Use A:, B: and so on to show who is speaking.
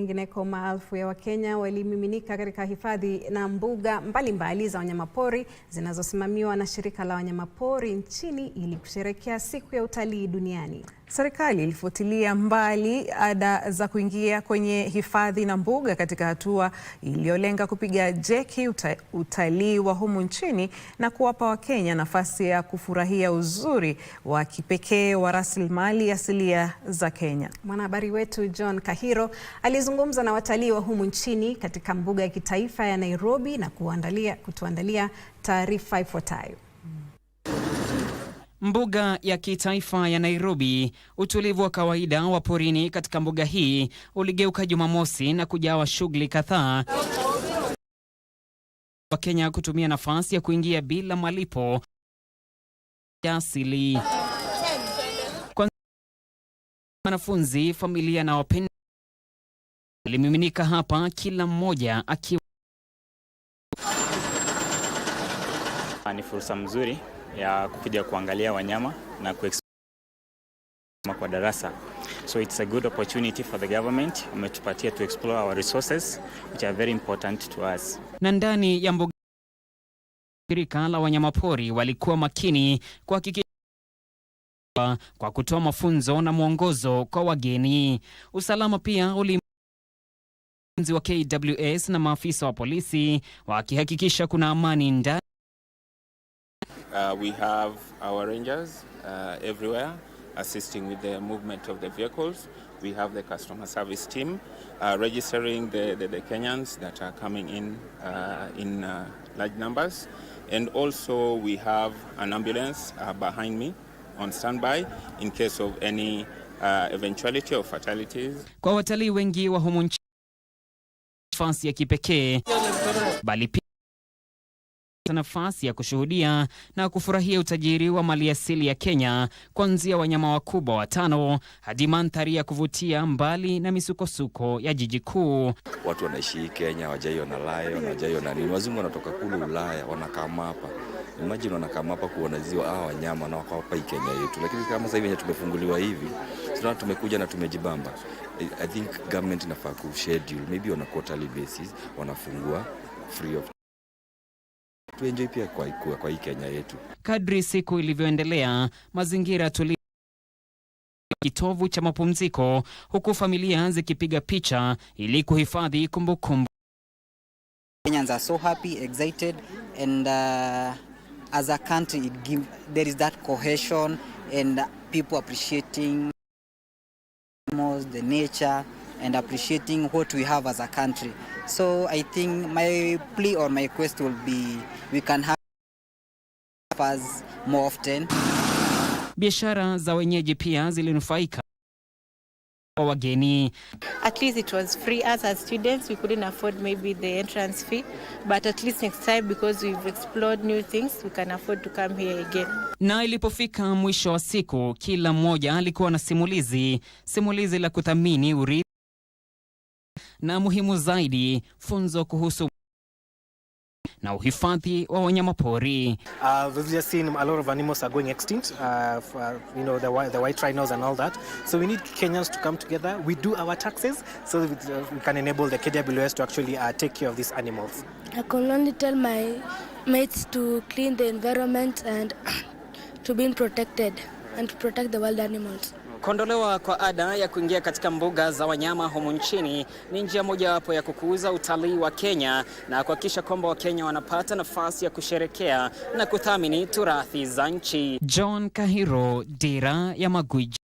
A: Kwingineko, maelfu ya Wakenya walimiminika katika hifadhi na mbuga mbalimbali za wanyamapori zinazosimamiwa na shirika la wanyamapori nchini ili kusherehekea siku ya utalii duniani.
B: Serikali ilifutilia mbali ada za kuingia kwenye hifadhi na mbuga katika hatua iliyolenga kupiga jeki uta, utalii wa humu nchini na kuwapa Wakenya nafasi ya kufurahia uzuri wa kipekee wa rasilimali asilia za Kenya.
A: Mwanahabari wetu John Kahiro alizungumza na watalii wa humu nchini katika mbuga ya kitaifa ya Nairobi na kutuandalia taarifa ifuatayo.
B: Mbuga ya kitaifa ya Nairobi. Utulivu wa kawaida wa porini katika mbuga hii uligeuka Jumamosi na kujawa shughuli kadhaa, Wakenya kutumia nafasi ya kuingia bila malipo asili. wanafunzi, familia na wapenzi walimiminika hapa, kila mmoja akiwa
C: ni fursa mzuri ya kukuja kuangalia wanyama na ku kwa darasa. So it's a good opportunity for the government. Umetupatia to explore our resources which are very important to us.
B: Na ndani ya mbuga shirika la wanyamapori walikuwa makini kuhakikisha kwa kutoa mafunzo na mwongozo kwa wageni. Usalama pia uli wa KWS na maafisa wa polisi wakihakikisha kuna amani ndani
D: Uh, we have our rangers uh, everywhere assisting with the movement of the vehicles. We have the customer service team uh, registering the, the, the, Kenyans that are coming in uh, in uh, large numbers. And also we have an ambulance uh, behind me on standby in case of any uh, eventuality or fatalities.
B: Kwa watalii wengi wa humu nchini nafasi ya kipekee bali walipata nafasi ya kushuhudia na kufurahia utajiri wa maliasili ya Kenya, kuanzia wanyama wakubwa watano hadi mandhari ya kuvutia mbali na misukosuko ya jiji kuu.
E: Watu wanaishi Kenya, wajaiona Lion, wajaiona nini. Wazungu wanatoka kule Ulaya wanakama hapa Imagine wanakama hapa kuona ziwa hawa wanyama na wako hapa Kenya yetu, lakini kama sasa hivi enye tumefunguliwa hivi tunaona tumekuja na tumejibamba. I think government inafaa kuschedule maybe on a quarterly basis wanafungua free of tuenjoy pia kwa, kwa, kwa hii Kenya yetu.
B: Kadri siku ilivyoendelea, mazingira tuli kitovu cha mapumziko, huku familia zikipiga picha ili kuhifadhi kumbukumbu.
F: Kenyans are so happy, excited and uh, as a country it give, there is that cohesion and people appreciating the nature and appreciating what we have as a country. So I think my plea or my quest will be we can have us more often.
B: Biashara za wenyeji pia zilinufaika kwa wageni.
G: At least it was free us as students we couldn't afford maybe the entrance fee but at least next time because we've explored new things we can afford to come here again.
B: Na ilipofika mwisho wa siku, kila mmoja alikuwa na simulizi, simulizi la kuthamini urithi na muhimu zaidi, funzo kuhusu na uhifadhi wa wanyamapori.
H: Uh, we've just seen a lot of animals are going extinct, uh, for, uh, you know, the, the white rhinos and all that. So we need Kenyans to come together. We do our taxes so that uh, we can enable the KWS to actually uh, take care of these animals.
I: I can only tell my mates to clean the environment and to be protected and to protect the wild animals.
B: Kuondolewa kwa ada ya kuingia katika mbuga za wanyama humu nchini ni njia mojawapo ya kukuza utalii wa Kenya na kuhakikisha kwamba Wakenya wanapata nafasi ya kusherekea na kuthamini turathi za nchi. John Kahiro, Dira ya Magwiji.